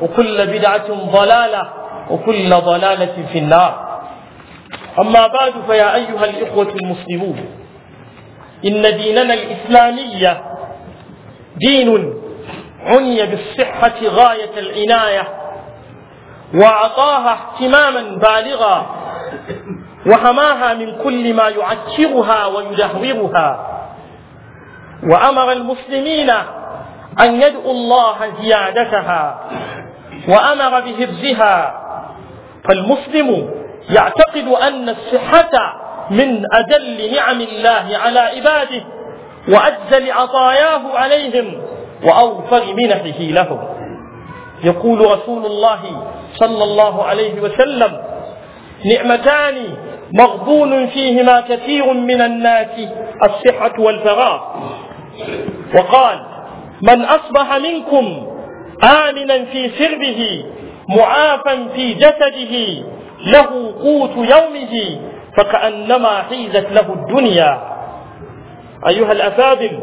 وكل بدعة ضلالة وكل ضلالة في النار أما بعد فيا أيها الإخوة المسلمون إن ديننا الإسلامي دين عني بالصحة غاية العناية وأعطاها اهتماما بالغا وحماها من كل ما يعكرها ويدهورها وأمر المسلمين أن يدعوا الله زيادتها وأمر بهبزها فالمسلم يعتقد أن الصحة من أجل نعم الله على عباده وأجزل عطاياه عليهم وأوفر منحه لهم يقول رسول الله صلى الله عليه وسلم نعمتان مغبون فيهما كثير من الناس الصحة والفراغ وقال من أصبح منكم آمنا في سربه معافا في جسده له قوت يومه فكأنما حيزت له الدنيا أيها الأفاضل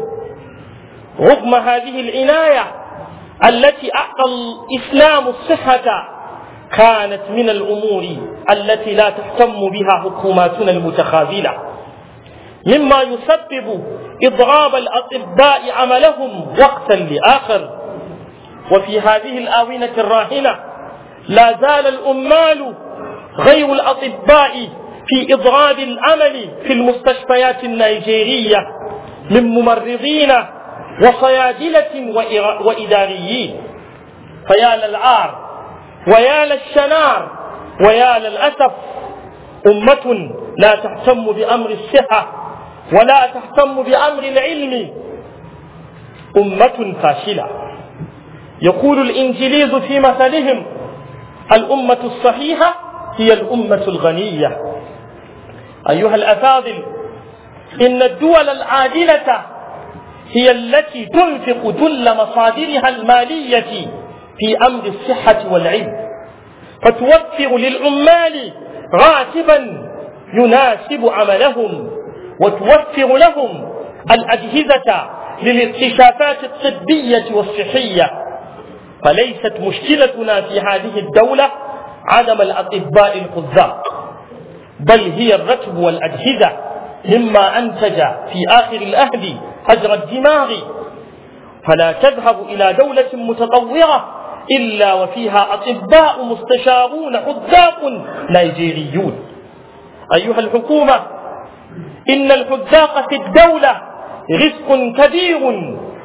رغم هذه العناية التي أعطى الإسلام الصحة كانت من الأمور التي لا تهتم بها حكوماتنا المتخاذلة مما يسبب إضراب الأطباء عملهم وقتا لآخر وفي هذه الآونة الراحلة لا زال الأمال غير الأطباء في إضراب الأمل في المستشفيات النيجيرية من ممرضين وصيادلة وإداريين فيا للعار ويا للشنار ويا للأسف أمة لا تهتم بأمر الصحة ولا تهتم بأمر العلم أمة فاشلة يقول الإنجليز في مثلهم الأمة الصحيحة هي الأمة الغنية أيها الأفاضل إن الدول العادلة هي التي تنفق جل مصادرها المالية في أمر الصحة والعلم فتوفر للعمال راتبا يناسب عملهم وتوفر لهم الأجهزة للاكتشافات الطبية والصحية فليست مشكلتنا في هذه الدولة عدم الأطباء الخزاق بل هي الركب والأجهزة مما أنتج في آخر الأهل أجر الدماغ فلا تذهب إلى دولة متطورة إلا وفيها أطباء مستشارون حذاق نيجيريون أيها الحكومة إن الحذاق في الدولة رزق كبير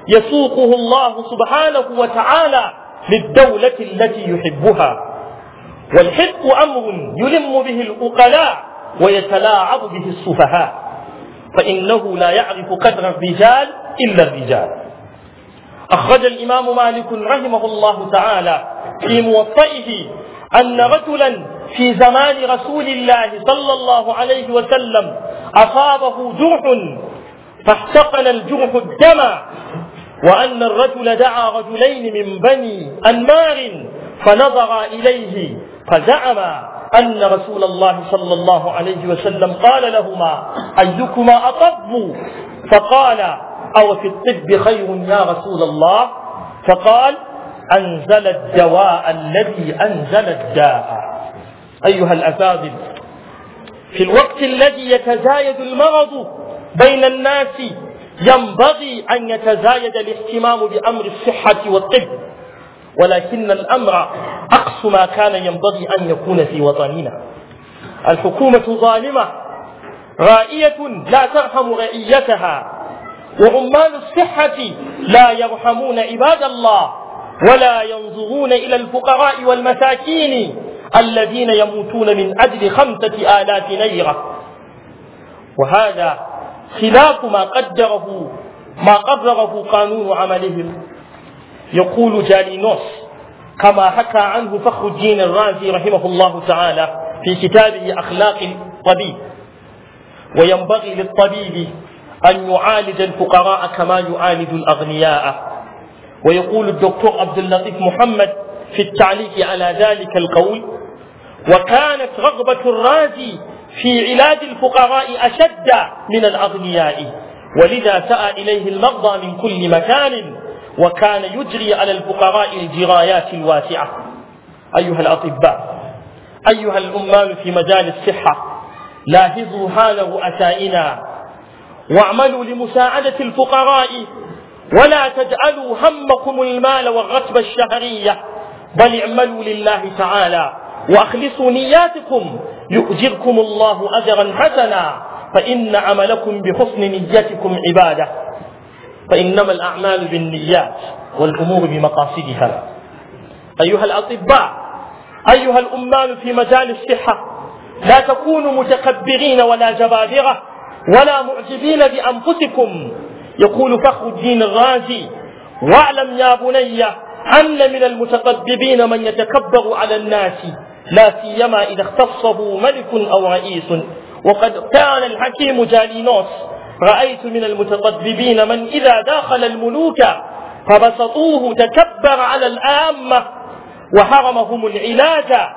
يسوقه الله سبحانه وتعالى للدولة التي يحبها والحق أمر يلم به الأقلاء ويتلاعب به السفهاء فإنه لا يعرف قدر الرجال إلا الرجال أخرج الإمام مالك رحمه الله تعالى في موطئه أن رجلا في زمان رسول الله صلى الله عليه وسلم أصابه جرح فاحتقن الجرح الدم وأن الرجل دعا رجلين من بني أنمار فنظرا إليه فزعما أن رسول الله صلى الله عليه وسلم قال لهما أيكما أطب فقال أو في الطب خير يا رسول الله فقال أنزل الدواء الذي أنزل الداء أيها الأفاضل في الوقت الذي يتزايد المرض بين الناس ينبغي أن يتزايد الاهتمام بأمر الصحة والطب ولكن الأمر أقص ما كان ينبغي أن يكون في وطننا الحكومة ظالمة رائية لا ترحم رعيتها وعمال الصحة لا يرحمون عباد الله ولا ينظرون إلى الفقراء والمساكين الذين يموتون من أجل خمسة آلاف ليرة وهذا خلاف ما قدره ما قرره قانون عملهم يقول جالينوس كما حكى عنه فخر الدين الرازي رحمه الله تعالى في كتابه أخلاق الطبيب وينبغي للطبيب أن يعالج الفقراء كما يعالج الأغنياء ويقول الدكتور عبد اللطيف محمد في التعليق على ذلك القول وكانت رغبة الرازي في علاج الفقراء أشد من الأغنياء ولذا سعى إليه المرضى من كل مكان وكان يجري على الفقراء الجرايات الواسعة أيها الأطباء أيها الأمال في مجال الصحة لاحظوا حال رؤسائنا واعملوا لمساعدة الفقراء ولا تجعلوا همكم المال والرتبة الشهرية بل اعملوا لله تعالى واخلصوا نياتكم يؤجركم الله اجرا حسنا فان عملكم بحسن نيتكم عباده فانما الاعمال بالنيات والامور بمقاصدها ايها الاطباء ايها الامال في مجال الصحه لا تكونوا متكبرين ولا جبابره ولا معجبين بانفسكم يقول فخر الدين الرازي واعلم يا بني أن من المتطببين من يتكبر على الناس لا سيما إذا اختصه ملك أو رئيس وقد كان الحكيم جالينوس رأيت من المتطببين من إذا داخل الملوك فبسطوه تكبر على الآمة وحرمهم العلاج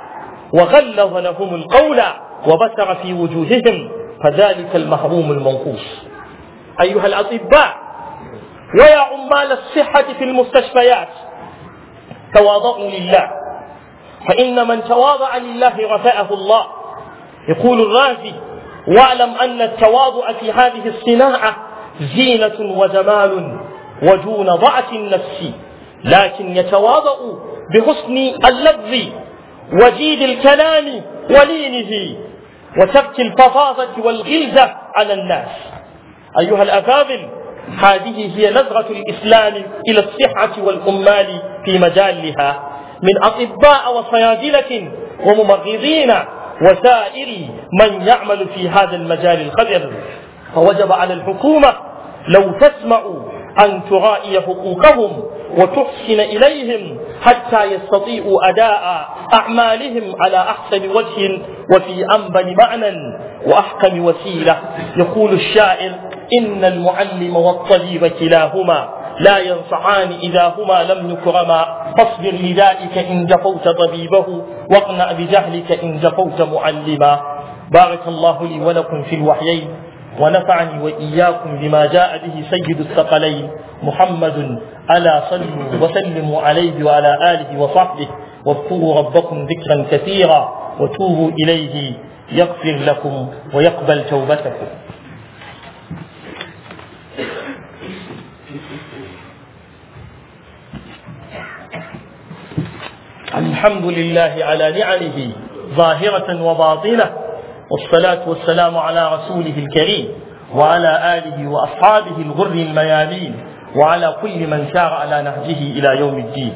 وغلظ لهم القول وبتر في وجوههم فذلك المحروم المنقوص أيها الأطباء ويا عمال الصحة في المستشفيات تواضعوا لله فإن من تواضع لله رفعه الله يقول الرازي واعلم أن التواضع في هذه الصناعة زينة وجمال وجون ضعة النفس لكن يتواضع بحسن اللذ وجيد الكلام ولينه وسبك الفظاظة والغلزة على الناس أيها الأفاضل هذه هي نظرة الإسلام إلى الصحة والأمال في مجالها من أطباء وصيادلة وممرضين وسائر من يعمل في هذا المجال الخبر فوجب على الحكومة لو تسمع أن ترائي حقوقهم وتحسن إليهم حتى يستطيعوا أداء أعمالهم على أحسن وجه وفي أنبل معنى وأحكم وسيلة يقول الشاعر إن المعلم والطبيب كلاهما لا ينصحان إذا هما لم يكرما فاصبر لذلك إن جفوت طبيبه واقنع بجهلك إن جفوت معلما بارك الله لي ولكم في الوحيين ونفعني وإياكم بما جاء به سيد الثقلين محمد ألا صلوا وسلموا عليه وعلى آله وصحبه واذكروا ربكم ذكرا كثيرا وتوبوا إليه يغفر لكم ويقبل توبتكم الحمد لله على نعمه ظاهرة وباطنة والصلاة والسلام على رسوله الكريم وعلى آله وأصحابه الغر الميامين وعلى كل من سار على نهجه إلى يوم الدين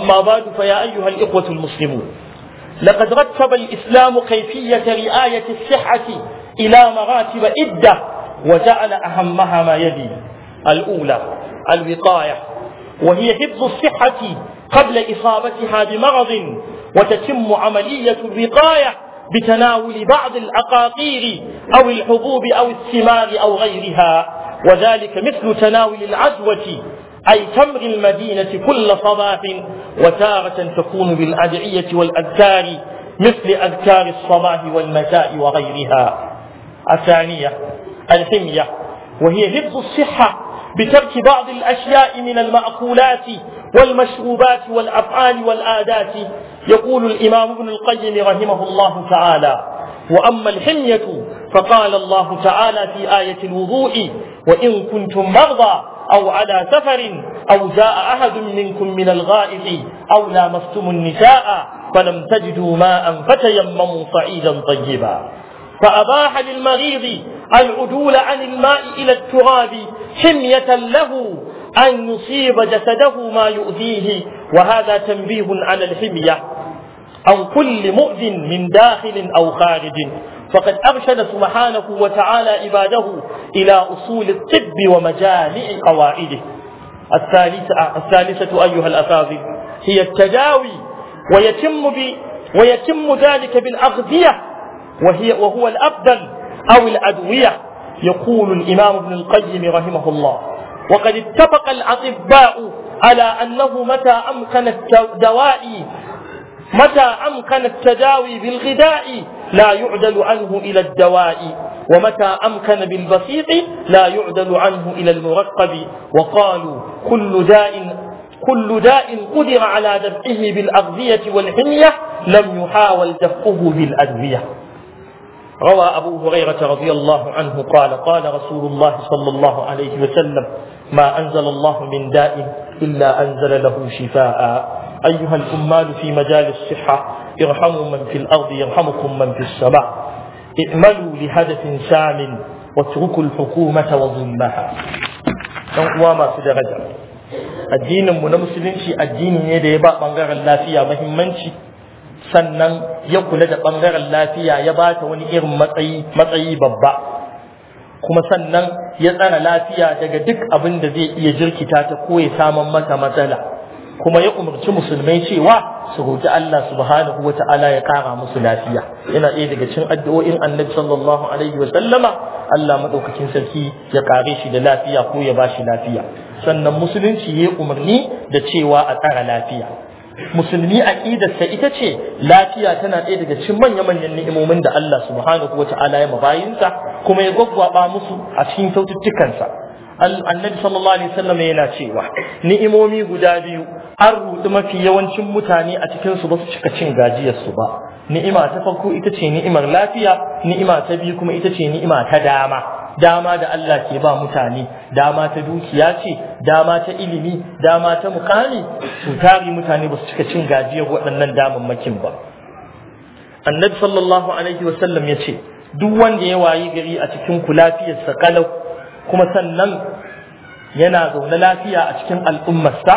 أما بعد فيا أيها الإخوة المسلمون لقد رتب الإسلام كيفية رعاية الصحة إلى مراتب عدة وجعل أهمها ما يلي الأولى الوقاية وهي حفظ الصحة قبل إصابتها بمرض وتتم عملية الوقاية بتناول بعض الأقاطير أو الحبوب أو الثمار أو غيرها وذلك مثل تناول العدوة أي تمر المدينة كل صباح وتارة تكون بالأدعية والأذكار مثل أذكار الصباح والمساء وغيرها الثانية الحمية وهي حفظ الصحة بترك بعض الأشياء من المأكولات والمشروبات والأفعال والآدات يقول الإمام ابن القيم رحمه الله تعالى وأما الحمية فقال الله تعالى في آية الوضوء وإن كنتم مرضى أو على سفر أو جاء أحد منكم من الغائط أو لامستم النساء فلم تجدوا ماء فتيمموا صعيدا طيبا فأباح للمريض العدول عن الماء إلى التراب حمية له أن يصيب جسده ما يؤذيه وهذا تنبيه على الحمية عن كل مؤذ من داخل أو خارج فقد أرشد سبحانه وتعالى عباده إلى أصول الطب ومجامع قواعده الثالثة, الثالثة أيها الأساتذة هي التداوي ويتم ب ويتم ذلك بالأغذية وهي وهو الأبدل أو الأدوية يقول الإمام ابن القيم رحمه الله وقد اتفق الأطباء على أنه متى أمكن الدواء متى أمكن التداوي بالغذاء لا يعدل عنه إلى الدواء ومتى أمكن بالبسيط لا يعدل عنه إلى المرقب وقالوا كل داء كل داء قدر على دفعه بالأغذية والحمية لم يحاول دفعه بالأدوية روى أبو هريرة رضي الله عنه قال قال رسول الله صلى الله عليه وسلم ما أنزل الله من داء إلا أنزل له شفاء أيها الأمال في مجال الصحة ارحموا من في الأرض يرحمكم من في السماء اعملوا لهدف سام واتركوا الحكومة وظلمها وما في درجة الدين من مسلم الدين يدي بقى من غير الله فيها مهمنشي sannan ya kula da ɓangaren lafiya ya ba ta wani irin matsayi matsayi babba kuma sannan ya tsara lafiya daga duk abin da zai iya jirkita ta ko ya saman mata matsala kuma ya umarci musulmai cewa su roƙi Allah subhanahu wa ya ƙara musu lafiya yana ɗaya daga cikin addu'o'in annabi sallallahu alaihi wa sallama Allah madaukakin sarki ya ƙare shi da lafiya ko ya ba shi lafiya sannan musulunci ya umarni da cewa a tsara lafiya musulmi aqidarsa ita ce lafiya tana ɗaya daga cikin manya manyan ni'imomin da Allah subhanahu wata'ala ya mabayinsa kuma ya gwaggwaba musu a cikin kyaututtukansa annabi sallallahu alaihi wasallam yana cewa ni'imomi guda biyu an rudu mafi yawancin mutane a cikin su ba su cika cin gajiyar su ba ni'ima ta farko ita ce ni'imar lafiya ni'ima ta biyu kuma ita ce ni'ima ta dama dama da Allah ke ba mutane dama ta dukiya ce dama ta ilimi dama ta mukami su tari mutane ba su cika cin gajiyar waɗannan damammakin ba annabi sallallahu alaihi wa sallam ya ce duk wanda ya wayi gari a cikin ku lafiyarsa kalau kuma sannan yana zaune lafiya a cikin al'ummarsa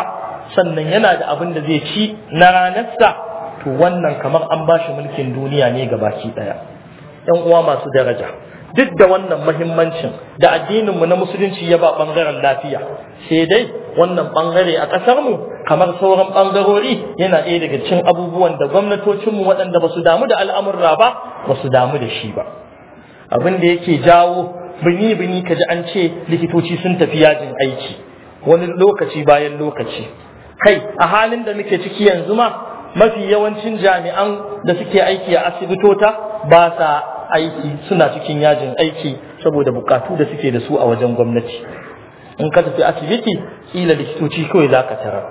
sannan yana da abin da zai ci na ranarsa to wannan kamar an ba shi mulkin duniya ne ga baki ɗaya ‘yan uwa masu daraja duk da wannan muhimmancin da addininmu na musulunci ya ba bangaren lafiya sai dai wannan bangare a mu kamar sauran ɓangarori yana ɗaya daga cikin abubuwan da gwamnatocinmu waɗanda ba su damu da al'amurra ba ba su damu da shi ba abin da yake jawo bini bini ka ji an ce likitoci sun tafi yajin aiki wani lokaci bayan lokaci kai a halin da muke ciki yanzu ma mafi yawancin jami'an da suke aiki a asibitota ba sa aiki suna cikin yajin aiki saboda bukatu da suke da su a wajen gwamnati in ka tafi asibiti kila likitoci kawai za ka tara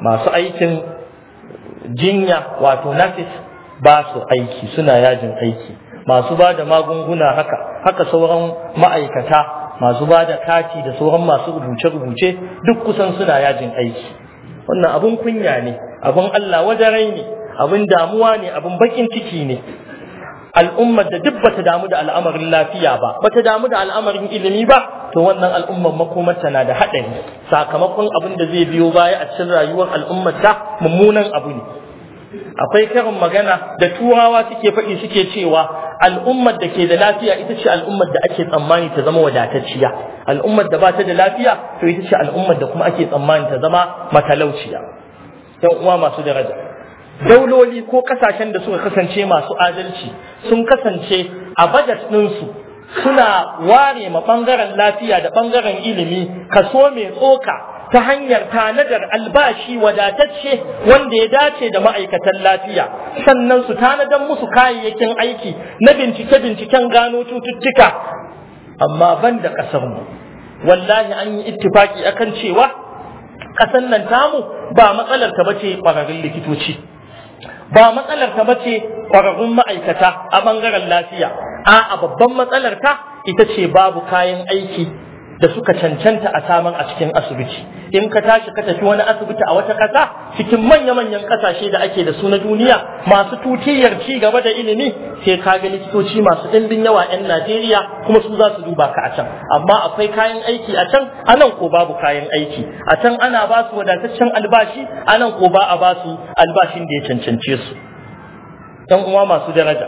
masu aikin jinya wato nafis ba su aiki suna yajin aiki masu ba da magunguna haka haka sauran ma'aikata masu ba da kati da sauran masu rubuce-rubuce duk kusan suna yajin aiki wannan abun kunya ne abun Allah wajen rai ne abun damuwa ne abun bakin ciki ne al'ummar da duk bata damu da al'amarin lafiya ba bata damu da al'amarin ilimi ba to wannan al'ummar makomarta na da haɗari sakamakon abin da zai biyo baya a cikin rayuwar al'ummar ta mummunan abu ne akwai karin magana da turawa suke faɗi suke cewa al'ummar da ke da lafiya ita ce al'ummar da ake tsammani ta zama wadatacciya al'ummar da ba ta da lafiya to ita ce al'ummar da kuma ake tsammani ta zama matalauciya yan uwa masu daraja dauloli ko kasashen da suka kasance masu adalci sun kasance a budget ɗinsu suna ware ma ɓangaren lafiya da ɓangaren ilimi kaso mai tsoka ta hanyar tanadar albashi wadatacce wanda ya dace da ma'aikatan lafiya sannan su tanadar musu kayayyakin aiki na bincike-binciken gano cututtuka amma ban da ƙasarmu wallahi an yi ittifaki akan cewa ƙasar nan tamu ba matsalar ta bace ƙwararrun likitoci ba matsalar ta bace kwararrun ma'aikata a bangaren lafiya a'a babban matsalar ta ita ce babu kayan aiki da suka cancanta a saman a cikin asibiti in ka tashi ka tafi wani asibiti a wata ƙasa cikin manya-manyan ƙasashe da ake da su na duniya masu tutiyar ci gaba da ilimi sai ka ga likitoci masu ɗimbin yawa 'yan Najeriya kuma su za su duba ka a can amma akwai kayan aiki a can anan nan ko babu kayan aiki a can ana ba su wadataccen albashi a nan ko ba a ba su albashin da ya cancance su. ‘Yan uwa masu daraja.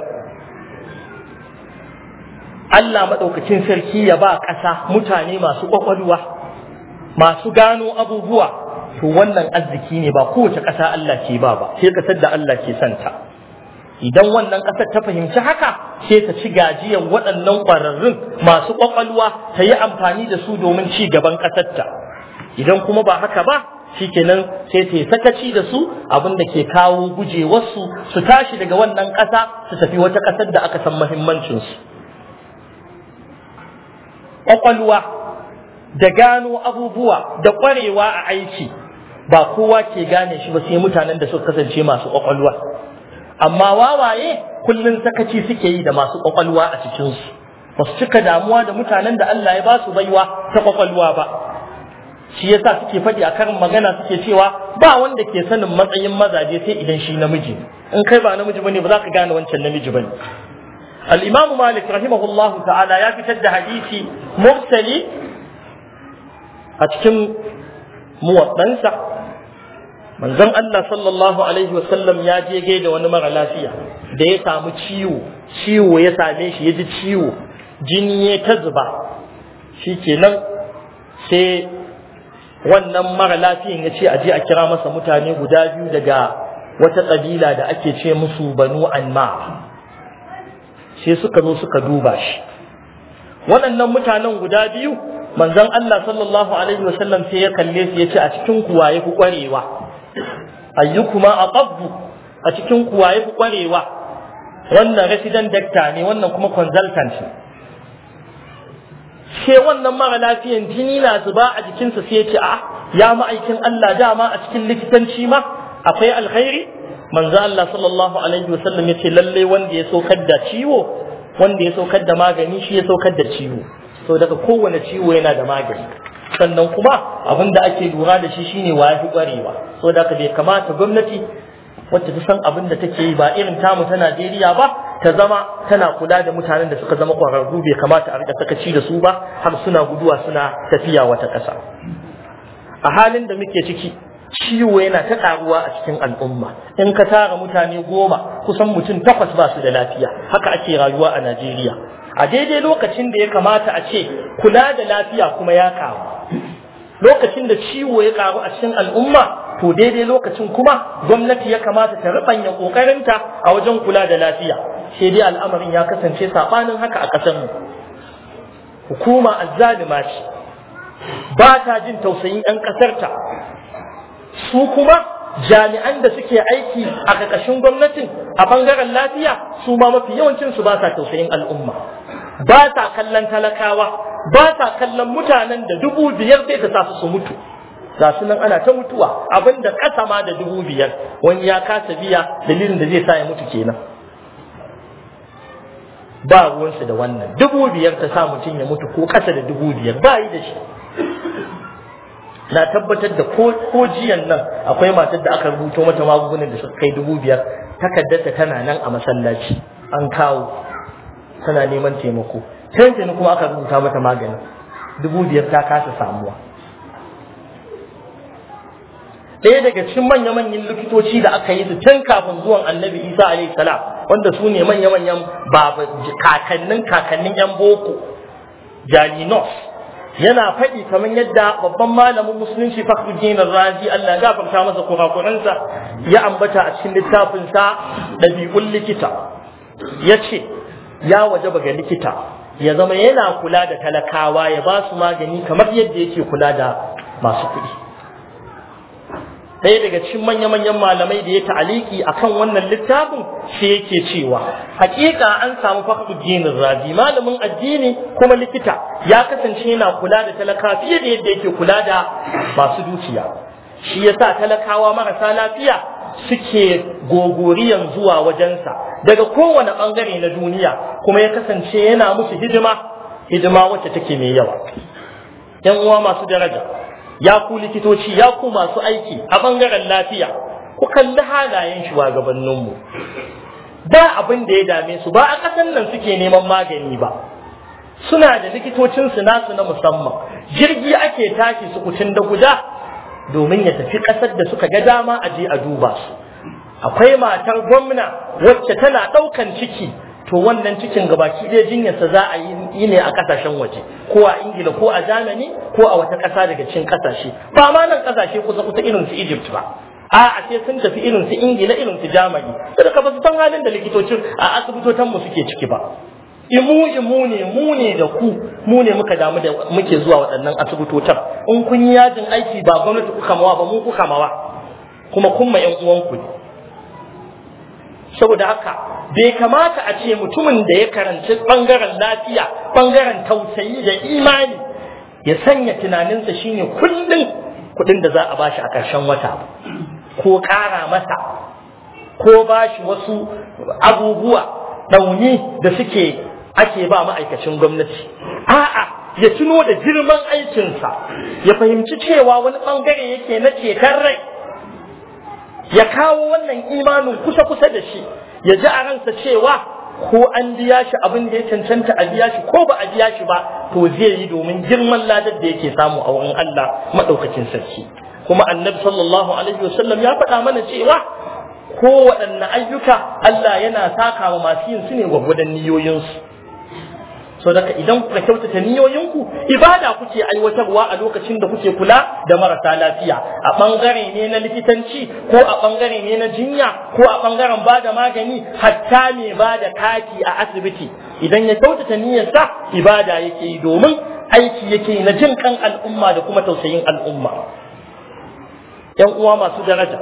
Allah maɗaukacin sarki ya ba ƙasa mutane masu ƙwaƙwalwa masu gano abubuwa to wannan arziki ne ba kowace ƙasa Allah ke ba ba sai ƙasar da Allah ke santa idan wannan ƙasar ta fahimci haka sai ta ci gajiyar waɗannan ƙwararrun masu ƙwaƙwalwa ta yi amfani da su domin ci gaban ta idan kuma ba haka ba shikenan sai ta yi sakaci da su abin da ke kawo gujewarsu su tashi daga wannan ƙasa su tafi wata ƙasar da aka san muhimmancinsu ƙwaƙwalwa da gano abubuwa da kwarewa a aiki ba kowa ke gane shi ba sai mutanen da suka kasance masu ƙwaƙwalwa amma wawaye kullum sakaci suke yi da masu ƙwaƙwalwa a cikinsu ba su cika damuwa da mutanen da Allah ya ba su baiwa ta ƙwaƙwalwa ba shi yasa suke faɗi a karin magana suke cewa ba wanda ke sanin matsayin mazaje sai idan shi namiji in kai ba namiji bane ba za ka gane wancan namiji bane al malik rahimahullahu ta'ala ya fitar da hadisi murtali a cikin muwaddansa manzon Allah sallallahu alaihi wasallam ya je gaida wani mara lafiya da ya samu ciwo ciwo ya same shi ya ji ciwo jini ta zuba shi shikenan sai wannan mara lafiyan ya ce aje a kira masa mutane guda biyu daga wata ƙabila da ake ce musu banu anma sai suka zo suka duba shi waɗannan mutanen guda biyu manzon Allah sallallahu alaihi wasallam sai ya kalle su yace a cikin ku waye ku ayyukuma aqabbu a cikin ku waye ku kwarewa wannan resident doctor ne wannan kuma consultant ne sai wannan mara lafiyan jini na zuba a jikinsa sai ya ce a ya ma'aikin Allah dama a cikin likitanci ma akwai alkhairi manzo Allah sallallahu alaihi wasallam yace lalle wanda ya saukar da ciwo wanda ya saukar da magani shi ya saukar da ciwo so daga kowane ciwo yana da magani sannan kuma abin da ake lura da shi shine wa yafi kwarewa so daga bai kamata gwamnati wacce ta san abin da take yi ba irin tamu ta Najeriya ba ta zama tana kula da mutanen da suka zama kwararru bai kamata a rika sakaci da su ba har suna guduwa suna tafiya wata ƙasa a halin da muke ciki ciwo yana ta karuwa a cikin al'umma in ka tara mutane goma kusan mutum takwas ba su da lafiya haka ake rayuwa a najeriya a daidai lokacin da ya kamata a ce kula da lafiya kuma ya karu. lokacin da ciwo ya karu a cikin al'umma to daidai lokacin kuma gwamnati ya kamata ta rubanya kokarinta a wajen kula da lafiya sai dai al'amarin ya kasance saɓanin haka a mu. hukuma azzalima ce ba ta jin tausayin 'yan ƙasarta su kuma jami'an da suke aiki a ƙarƙashin gwamnatin a ɓangaren lafiya su ma mafi yawancin su ba sa tausayin al'umma ba sa kallon talakawa ba sa kallon mutanen da dubu biyar zai ta sa su mutu ga su nan ana ta mutuwa abinda ƙasa ma da dubu biyar wani ya kasa biya dalilin da zai sa ya mutu kenan ba ruwansu da wannan dubu biyar ta sa mutum ya mutu ko ƙasa da dubu biyar ba yi da shi na tabbatar da ko jiyan nan akwai matar da aka rubuto mata magungunan da suka kai dubu biyar takardarta tana nan a masallaci an kawo tana neman taimako canjin kuma aka rubuta mata maganin dubu biyar ta kasa samuwa ɗaya daga cikin manya-manyan likitoci da aka yi su can kafin zuwan annabi isa alayhi salam wanda su ne manya-manyan kakannin kakannin yan boko jalinos yana faɗi kamar yadda babban malamin musulunci Fakhruddin Razi Allah gafarta masa kurakuransa ya ambata a cikin littafin sa ɗabi'un likita yace ya wajaba ga likita ya zama yana kula da talakawa ya ba su magani kamar yadda yake kula da masu kuɗi ɗaya daga cikin manya-manyan malamai da ya ta'aliki a kan wannan littafin shi yake cewa hakika an samu fakhruddin razi malamin addini kuma likita ya kasance yana kula da talaka fiye da yadda yake kula da masu dukiya shi ya sa talakawa marasa lafiya suke gogoriyan zuwa wajensa daga kowane bangare na duniya kuma ya kasance yana musu hidima hidima wacce take mai yawa yan uwa masu daraja ya ku likitoci ya ku masu aiki a ɓangaren lafiya ku kalli halayen shugabanninmu ba abin da ya dame su ba a ƙasan nan suke neman magani ba suna da likitocin nasu na musamman jirgi ake tashi su kucin da guda domin ya tafi ƙasar da suka ga dama a je a duba su akwai matar gwamna wacce tana ɗaukan ciki to wannan cikin gabaki jinyar jinyarsa za a yi ne a kasashen waje ko a ingila ko a germany ko a wata kasa daga cikin kasashe ba ma nan ƙasashe kusa kusa irin su egypt ba a'a sai sun tafi irin su ingila irin su germany sai ka basu san halin da likitocin a asibitotan mu suke ciki ba imu imu ne mu ne da ku mu ne muka damu da muke zuwa waɗannan asibitotan in kun yi yajin aiki ba gwamnati kuka mawa ba mu kuka mawa kuma kun ma yan uwanku ne saboda haka bai kamata a ce mutumin da ya karanci bangaren lafiya bangaren tausayi da imani ya sanya tunaninsa shine kullum kudin da za a bashi a ƙarshen wata ko ƙara masa ko bashi wasu abubuwa ɗauni da suke ake ba ma'aikacin gwamnati a'a ya tuno da girman aikinsa ya fahimci cewa wani bangare yake na ceton rai ya kawo wannan imanin kusa-kusa da shi ya ji a ransa cewa ko an biya shi abin da ya cancanta a biya shi ko ba a biya shi ba to zai yi domin girman ladar da yake samu a wurin Allah madaukakin sarki kuma annabi sallallahu alaihi wasallam ya faɗa mana cewa ko waɗanne ayyuka Allah yana saka wa masu yin su ne gwagwadon niyoyinsu so daga idan kuka kyautata niyoyinku ibada kuke aiwatarwa a lokacin da kuke kula da marasa lafiya a bangare ne na likitanci ko a bangare ne na jinya ko a bangaren ba da magani hatta mai ba da kati a asibiti idan ya kyautata niyyarsa ibada yake yi domin aiki yake na jin kan al'umma da kuma tausayin al'umma yan uwa masu daraja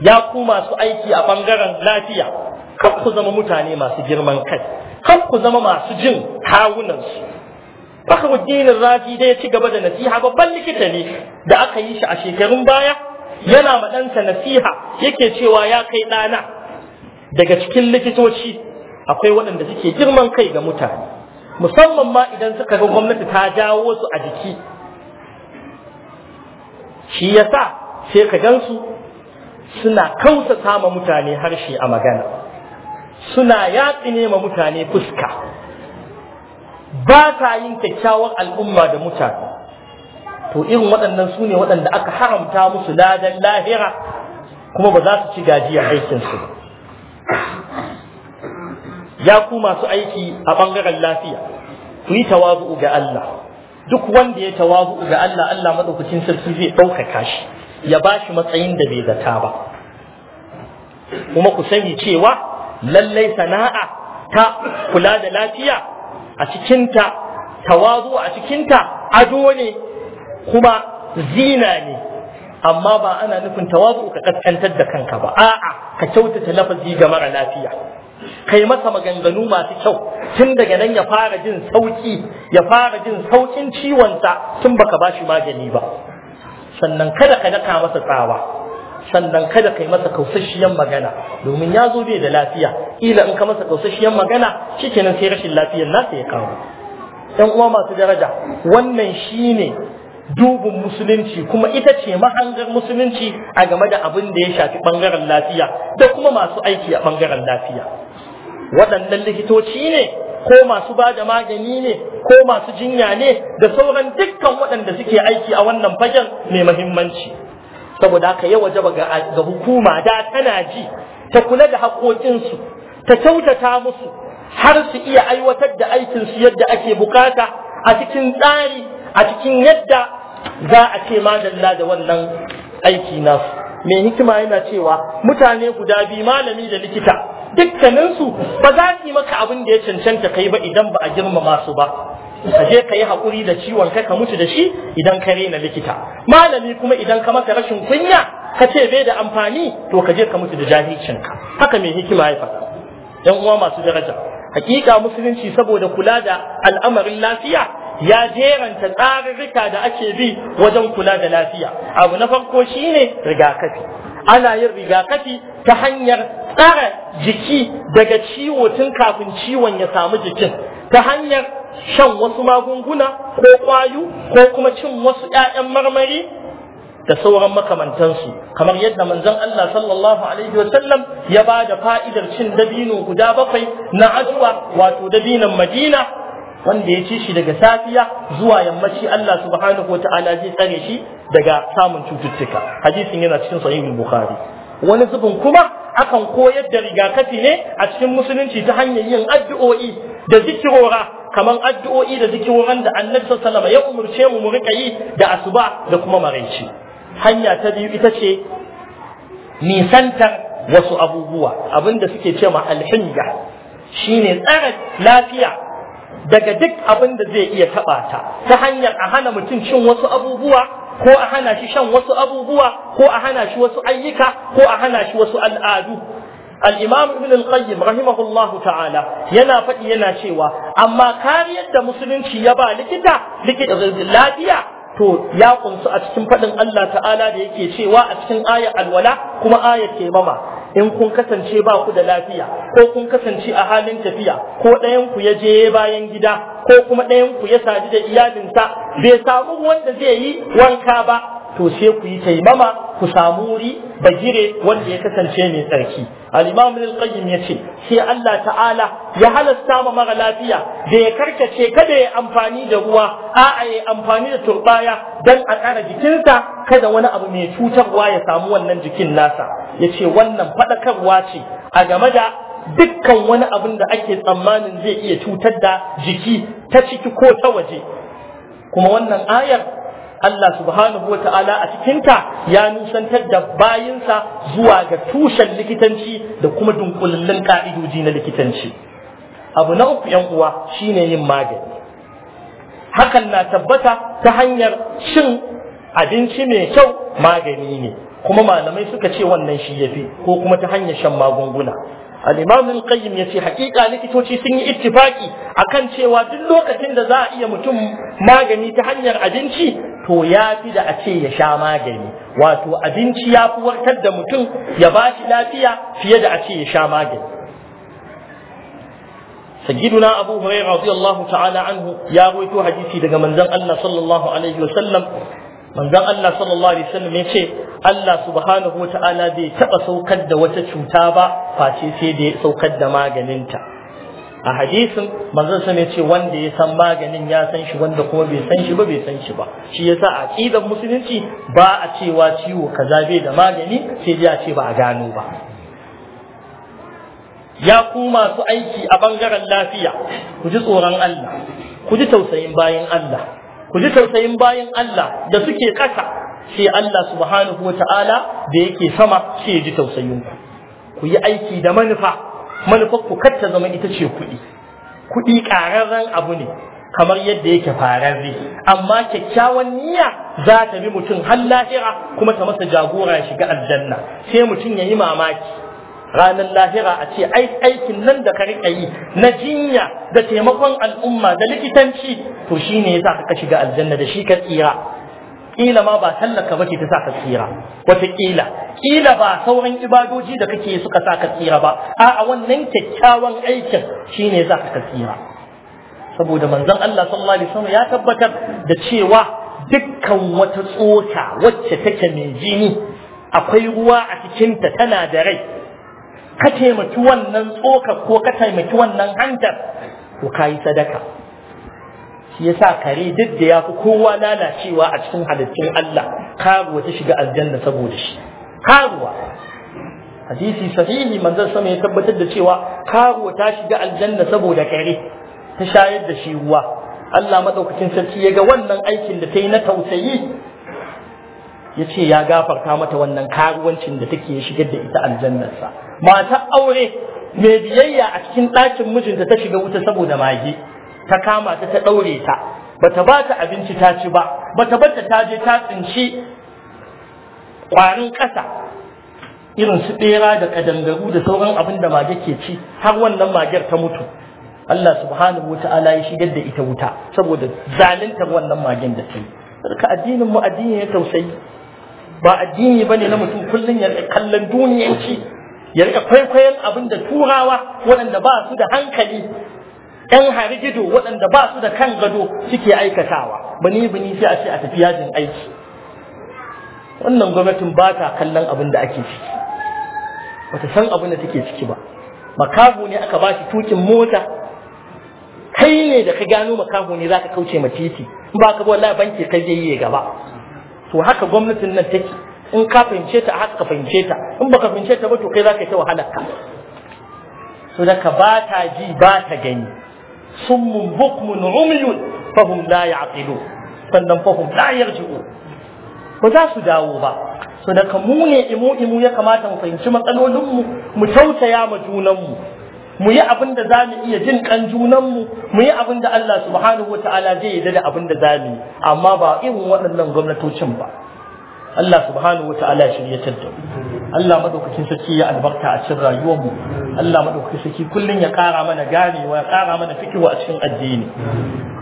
ya ku masu aiki a bangaren lafiya kan ku zama mutane masu girman kai kan ku zama masu jin kawunansu Fakhruddin Razi dai ya ci gaba da nasiha babban likita ne da aka yi shi a shekarun baya yana ma ɗansa nasiha yake cewa ya kai ɗana daga cikin likitoci akwai waɗanda suke girman kai ga mutane musamman ma idan suka ga gwamnati ta jawo su a jiki shi yasa sai ka gansu suna kausa sama mutane harshe a magana suna ne ma mutane fuska ba ta yin kyakkyawar al'umma da mutane to irin waɗannan su ne waɗanda aka haramta musu ladan lahira kuma ba za su ci gajiyar aikinsu ya ku masu aiki a ɓangaren lafiya ku yi tawazu'u ga Allah duk wanda ya tawazu'u ga Allah Allah maɗaukacin sarki zai ɗaukaka shi ya ba shi matsayin da bai zata ba kuma ku sani cewa lallai sana'a ta kula da lafiya a cikinta tawazu a cikinta ado ne kuma zina ne amma ba ana nufin tawazu ka kaskantar da kanka ba a'a ka kyautata lafazi ga mara lafiya kai masa maganganu masu kyau tun daga nan ya fara jin sauki ya fara jin saukin ciwonsa tun baka bashi magani ba sannan kada ka daka masa tsawa sannan kada kai masa kausashiyan magana domin ya zo bai da lafiya ila in ka masa kausashiyan magana shikenan sai rashin lafiyar nasa ya kawo ɗan uwa masu daraja wannan shine dubin musulunci kuma ita ce mahangar musulunci a game da abin da ya shafi ɓangaren lafiya da kuma masu aiki a ɓangaren lafiya waɗannan likitoci ne ko masu ba da magani ne ko masu jinya ne da sauran dukkan waɗanda suke aiki a wannan fagen mai muhimmanci. saboda haka ya ba ga hukuma da tana ji ta kula da haƙoƙinsu ta kyautata musu har su iya aiwatar da aikinsu yadda ake bukata a cikin tsari a cikin yadda za a ce madalla da wannan aiki nasu mai hikima yana cewa mutane guda biyu malami da likita dukkaninsu ba za su yi maka abin da ya cancanta kai ba idan ba a girmama su ba ka je ka yi haƙuri da ciwon kai ka mutu da shi idan ka rena likita malami kuma idan ka masa rashin kunya ka ce bai da amfani to ka je ka mutu da ka. haka mai hikima ya faɗa yan uwa masu daraja hakika musulunci saboda kula da al'amarin lafiya ya jeranta tsarurruka da ake bi wajen kula da lafiya abu na farko shine rigakafi ana yin rigakafi ta hanyar tsara jiki daga ciwo tun kafin ciwon ya samu jikin ta hanyar shan wasu magunguna ko kwayu ko kuma cin wasu 'ya'yan marmari da sauran makamantansu kamar yadda manzon Allah sallallahu alaihi wasallam ya ba da fa'idar cin dabino guda bakwai na ajuwa wato dabinan Madina wanda ya ci shi daga safiya zuwa yammaci Allah subhanahu wa ta'ala zai tsare shi daga samun cututtuka hadisin yana cikin sahihul bukhari wani zubin kuma akan koyar da rigakafi ne a cikin musulunci ta hanyar yin addu'o'i da zikirora kaman addu'o'i da zikirorin da annabi sallallahu ya umurce mu mu rika yi da asuba da kuma maraici hanya ta biyu ita ce nisantar wasu abubuwa abinda suke ce ma alhinya shine tsara lafiya daga duk abin da zai iya taɓata. ta ta hanyar a hana mutum cin wasu abubuwa ko a hana shi shan wasu abubuwa ko a hana shi wasu ayyuka ko a hana shi wasu al'adu al-imam ibn al-qayyim rahimahullahu ta'ala yana faɗi yana cewa amma kariyar da musulunci ya ba likita likita lafiya to ya kunsu a cikin faɗin Allah ta'ala da yake cewa a cikin ayar alwala kuma ayar kemama in kun kasance ba ku da lafiya ko kun kasance a halin tafiya ko ɗayan ku ya je bayan gida ko kuma ɗayan ku ya sadu da iyalinsa bai samu wanda zai yi wanka ba to sai ku yi taimama ku samu wuri bagire wanda ya kasance mai tsarki al-imam ibn al-qayyim yace sai Allah ta'ala ya halasta ma mara lafiya da ya karkace kada ya amfani da ruwa a'a ya amfani da turbaya dan a ƙara jikinsa kada wani abu mai cutarwa ya samu wannan jikin nasa yace wannan fadakarwa ce a game da dukkan wani abin da ake tsammanin zai iya cutar da jiki ta ciki ko ta waje kuma wannan ayar Allah subhanahu wata'ala a cikinta ya nusantar da bayinsa zuwa ga tushen likitanci da kuma dunkulallin ka'idoji na likitanci abu na uku yan uwa shine yin magani hakan na tabbata ta hanyar cin abinci mai kyau magani ne kuma malamai suka ce wannan shi yafi ko kuma ta hanyar shan magunguna al-imam ya ce yace hakika likitoci sun yi ittifaki akan cewa duk lokacin da za a iya mutum magani ta hanyar abinci to ya fi da a ce ya sha magani wato abinci ya fi warkar da mutum ya ba shi lafiya fiye da a ce ya sha magani سيدنا أبو هريرة رضي الله تعالى عنه يا رويتو حديثي دقا منزل الله صلى الله عليه وسلم manzon Allah sallallahu alaihi wasallam ya ce Allah subhanahu wata'ala bai taɓa saukar da wata cuta ba face sai da ya saukar da maganinta a hadisin manzon sallallahu ya ce wanda ya san maganin ya san shi wanda kuma bai san shi ba bai san shi ba shi yasa a aƙidan musulunci ba a cewa ciwo kaza bai da magani sai dai a ce ba a gano ba ya ku masu aiki a bangaren lafiya ku ji tsoron Allah ku ji tausayin bayan Allah ku ji tausayin bayan Allah da suke ƙasa shi Allah subhanahu wa ta'ala da yake sama shi ya ji tausayin ku ku yi aiki da manufa manufar ku kar ta zama ita ce kuɗi kuɗi ƙararren abu ne kamar yadda yake fararre amma kyakkyawan niyya za ta bi mutum har lahira kuma ta masa jagora shiga aljanna sai mutum ya yi mamaki ranar lahira a ce aikin nan da ka riƙa yi na jinya da taimakon al'umma da likitanci to shine yasa ka shiga aljanna da shi ka tsira Ƙila ma ba tallaka bace ta sa ka tsira wata ƙila. ba sauran ibadoji da kake suka sa ka tsira ba a'a wannan kyakkyawan aikin shine yasa ka tsira saboda manzon Allah sallallahu alaihi wasallam ya tabbatar da cewa dukkan wata tsota wacce take mai jini akwai ruwa a cikinta tana da rai ka taimaki wannan tsokar ko ka taimaki wannan hanjar ko ka yi sadaka shi sa kare duk da ya fi kowa lalacewa a cikin halittun Allah karuwa ta shiga aljanna saboda shi karuwa hadisi sahihi manzon sama ya tabbatar da cewa karuwa ta shiga aljanna saboda kare ta shayar da shi ruwa Allah madaukakin sarki ya ga wannan aikin da ta yi na tausayi ya ce ya gafarta mata wannan karuwancin da take shigar da ita aljannarsa mata aure mai biyayya a cikin ɗakin mijinta ta shiga wuta saboda mage ta kama ta ta ɗaure ta bata ba ta abinci ta ci ba bata bata ta je ta tsinci ƙwarin ƙasa irin su ɓera da ƙadangaru da sauran abin da mage ke ci har wannan magar ta mutu Allah subhanahu wata'ala ya shigar da ita wuta saboda zaluntar wannan magen da ta yi. addinin mu addini ya tausayi. ba addini bane na mutum kullum ya rika kallon duniyanci ya rika kwaikwayon abin da turawa waɗanda ba su da hankali ‘yan harigido waɗanda ba su da kan gado suke aikatawa bani bani sai a ce a tafi yajin aiki wannan gwamnatin ba ta kallon abin da ake ciki Ba ta san abin da take ciki ba makaho ne aka ba shi tukin mota kai ne da ka gano makaho ne za ka kauce ma titi in ba ka bi wallahi banki ka je yi gaba to haka gwamnatin nan take in ka fahimce ta haka ka fahimce ta in baka fahimce ta ba to kai za ka yi ta wahalar ka so da ka ba ta ji ba ta gani summun bukmun umyun fahum la yaqilu sannan fahum la yarji'u ba za su dawo ba so da ka mu ne imu imu ya kamata mu fahimci matsalolinmu mu tausaya ma junanmu mu yi abin da za mu iya jin kan junanmu mu yi abin da Allah subhanahu wa ta'ala zai yi da abin da za mu yi amma ba irin waɗannan gwamnatocin ba Allah subhanahu wa ta'ala ya ta da Allah madaukakin sarki ya albarka a cikin rayuwar mu Allah madaukakin sarki kullun ya kara mana wa ya kara mana fikiwa a cikin addini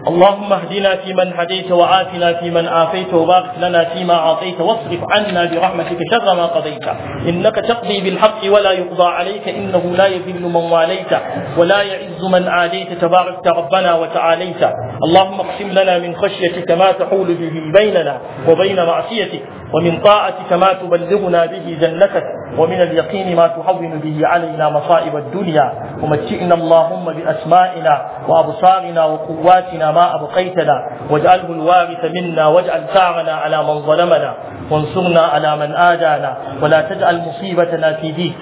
اللهم اهدنا فيمن هديت وعافنا فيمن عافيت وبارك لنا فيما اعطيت واصرف عنا برحمتك شر ما قضيت انك تقضي بالحق ولا يقضى عليك انه لا يذل من واليت ولا يعز من عاديت تبارك ربنا وتعاليت اللهم اقسم لنا من خشيتك ما تحول به بيننا وبين معصيتك ومن ومن طاعتك ما تبلغنا به جنتك ومن اليقين ما تهون به علينا مصائب الدنيا ومتئنا اللهم بأسمائنا وأبصارنا وقواتنا ما أبقيتنا واجعله الوارث منا واجعل ثارنا على من ظلمنا وانصرنا على من آدانا ولا تجعل مصيبتنا في ديك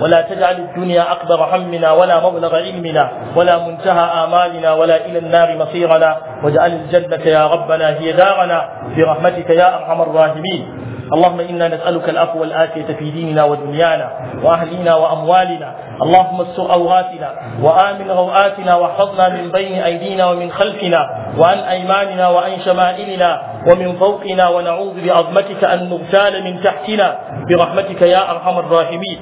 ولا تجعل الدنيا أكبر همنا ولا مبلغ علمنا ولا منتهى آمالنا ولا إلى النار مصيرنا واجعل الجنة يا ربنا هي دارنا برحمتك يا أرحم الراحمين اللهم إنا نسألك العفو والآتية في ديننا ودنيانا وأهلنا وأموالنا اللهم استر أوراتنا وآمن روآتنا واحفظنا من بين أيدينا ومن خلفنا وعن أيماننا وعن شمائلنا ومن فوقنا ونعوذ بعظمتك أن نغتال من تحتنا برحمتك يا أرحم الراحمين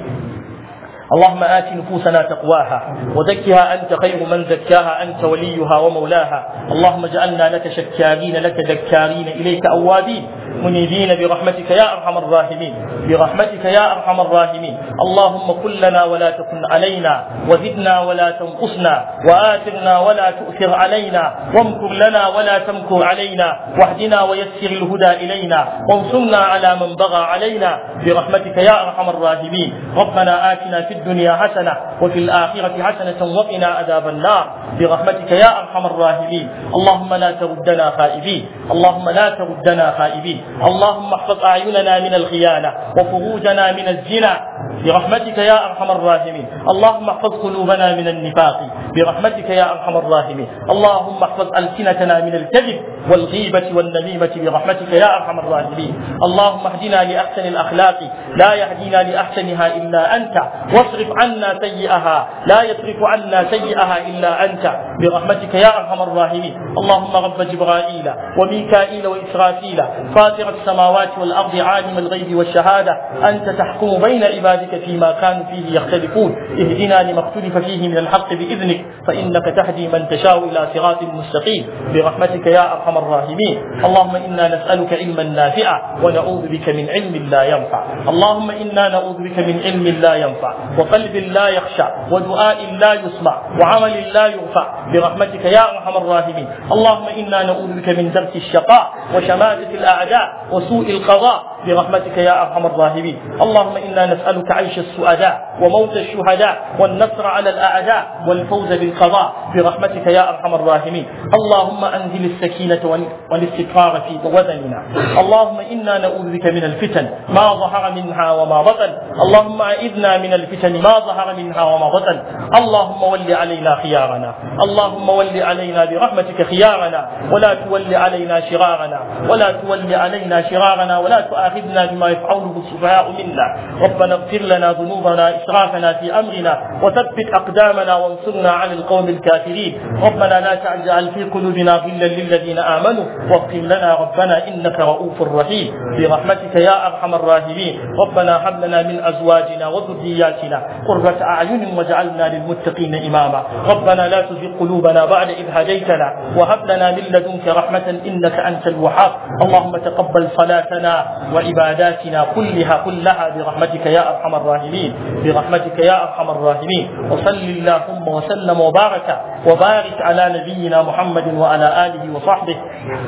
اللهم آت نفوسنا تقواها وزكها أنت خير من زكاها أنت وليها ومولاها اللهم اجعلنا لك شكارين لك ذكارين إليك أوابين منيبين برحمتك يا ارحم الراحمين برحمتك يا ارحم الراحمين اللهم كن لنا ولا تكن علينا وزدنا ولا تنقصنا وآثرنا ولا تؤثر علينا وامكر لنا ولا تمكر علينا واهدنا ويسر الهدى إلينا وانصرنا على من بغى علينا برحمتك يا أرحم الراحمين ربنا آتنا في الدنيا حسنة وفي الآخرة حسنة وقنا عذاب النار برحمتك يا أرحم الراحمين اللهم لا تردنا خائبين اللهم لا تردنا خائبين اللهم احفظ أعيننا من الخيانة وفروجنا من الزنا برحمتك يا أرحم الراحمين اللهم احفظ قلوبنا من النفاق برحمتك يا أرحم الراحمين اللهم احفظ ألسنتنا من الكذب والغيبة والنميمة برحمتك يا أرحم الراحمين اللهم اهدنا لأحسن الأخلاق لا يهدينا لأحسنها إلا أنت واصرف عنا سيئها لا يصرف عنا سيئها إلا أنت برحمتك يا أرحم الراحمين اللهم رب جبرائيل وميكائيل وإسرافيل فاتح فاطر السماوات والأرض عالم الغيب والشهادة أنت تحكم بين عبادك فيما كانوا فيه يختلفون اهدنا لما اختلف فيه من الحق بإذنك فإنك تهدي من تشاء إلى صراط مستقيم برحمتك يا أرحم الراحمين اللهم إنا نسألك علما نافعا ونعوذ بك من علم لا ينفع اللهم إنا نعوذ بك من علم لا ينفع وقلب لا يخشى ودعاء لا يسمع وعمل لا يرفع برحمتك يا أرحم الراحمين اللهم إنا نعوذ بك من درس الشقاء وشماتة الأعداء وسوء القضاء برحمتك يا ارحم الراحمين اللهم انا نسالك عيش السؤداء وموت الشهداء والنصر على الاعداء والفوز بالقضاء برحمتك يا ارحم الراحمين اللهم انزل السكينه والاستقرار في وزننا اللهم انا نعوذ بك من الفتن ما ظهر منها وما بطن اللهم اعذنا من الفتن ما ظهر منها وما بطن اللهم ول علينا خيارنا اللهم ول علينا برحمتك خيارنا ولا تول علينا شرارنا ولا تول علينا شرارنا ولا تؤاخذنا تؤاخذنا بما يفعله السفهاء منا ربنا اغفر لنا ذنوبنا إسرافنا في أمرنا وثبت أقدامنا وانصرنا على القوم الكافرين ربنا لا تجعل في قلوبنا غلا للذين آمنوا واغفر لنا ربنا إنك رؤوف رحيم برحمتك يا أرحم الراحمين ربنا هب لنا من أزواجنا وذرياتنا قرة أعين واجعلنا للمتقين إماما ربنا لا تزغ قلوبنا بعد إذ هديتنا وهب لنا من لدنك رحمة إنك أنت الوهاب اللهم تقبل صلاتنا و وعباداتنا كلها كلها برحمتك يا أرحم الراحمين برحمتك يا أرحم الراحمين وصل اللهم وسلم وبارك وبارك على نبينا محمد وعلى آله وصحبه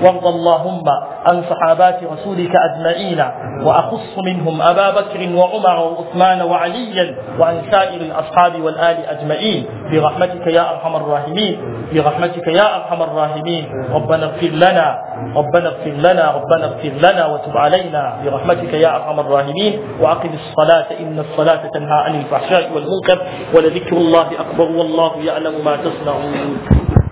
وارض اللهم عن صحابات رسولك أجمعين وأخص منهم أبا بكر وعمر وعثمان وعليا وعن سائر الأصحاب والآل أجمعين برحمتك يا أرحم الراحمين برحمتك يا أرحم الراحمين ربنا اغفر لنا ربنا اغفر لنا ربنا اغفر لنا وتب علينا برحمتك يا أرحم الراحمين وأقم الصلاة إن الصلاة تنهى عن الفحشاء والمنكر ولذكر الله أكبر والله يعلم ما تصنعون